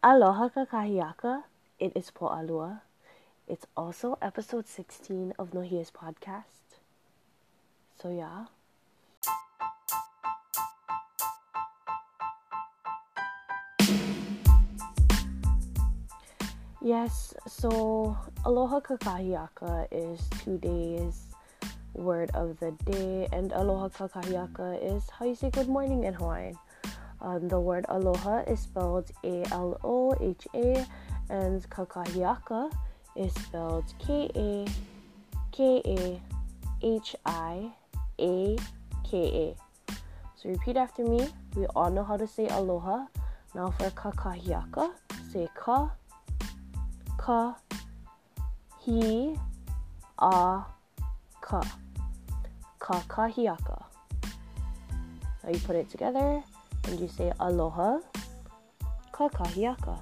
Aloha Kakahiaka, it is Po'alua. It's also episode 16 of Nohia's podcast. So, yeah. Yes, so Aloha Kakahiaka is today's word of the day, and Aloha Kakahiaka is how you say good morning in Hawaiian. Um, the word aloha is spelled A L O H A, and kakahiaka is spelled K A K A H I A K A. So repeat after me. We all know how to say aloha. Now for kakahiaka, say ka ka hi a ka kakahiaka. Now you put it together and you say aloha ka kahiaka.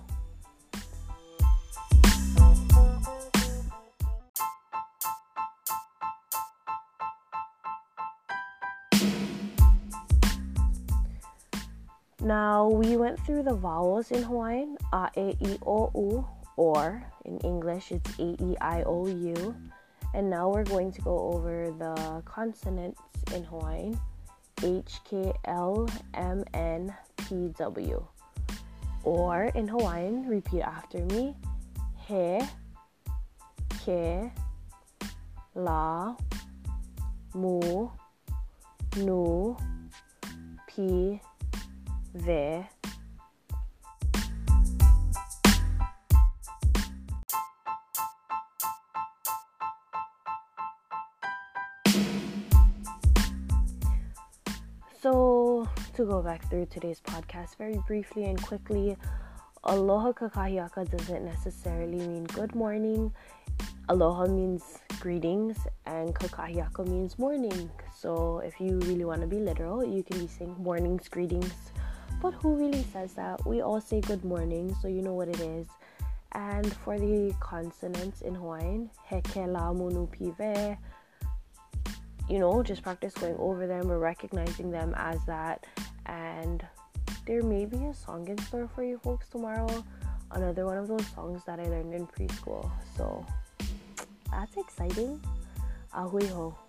Now we went through the vowels in Hawaiian, a e i o u, or in English it's a, e, i, o, u. and now we're going to go over the consonants in Hawaiian. HKLMNPW. Or in Hawaiian, repeat after me He Ke La Mu Nu Pi Ve So, to go back through today's podcast very briefly and quickly, aloha kakahiaka doesn't necessarily mean good morning. Aloha means greetings, and kakahiaka means morning. So, if you really want to be literal, you can be saying mornings, greetings. But who really says that? We all say good morning, so you know what it is. And for the consonants in Hawaiian, heke la munu pive, you know, just practice going over them or recognizing them as that. And there may be a song in store for you folks tomorrow. Another one of those songs that I learned in preschool. So that's exciting. Ahui ho.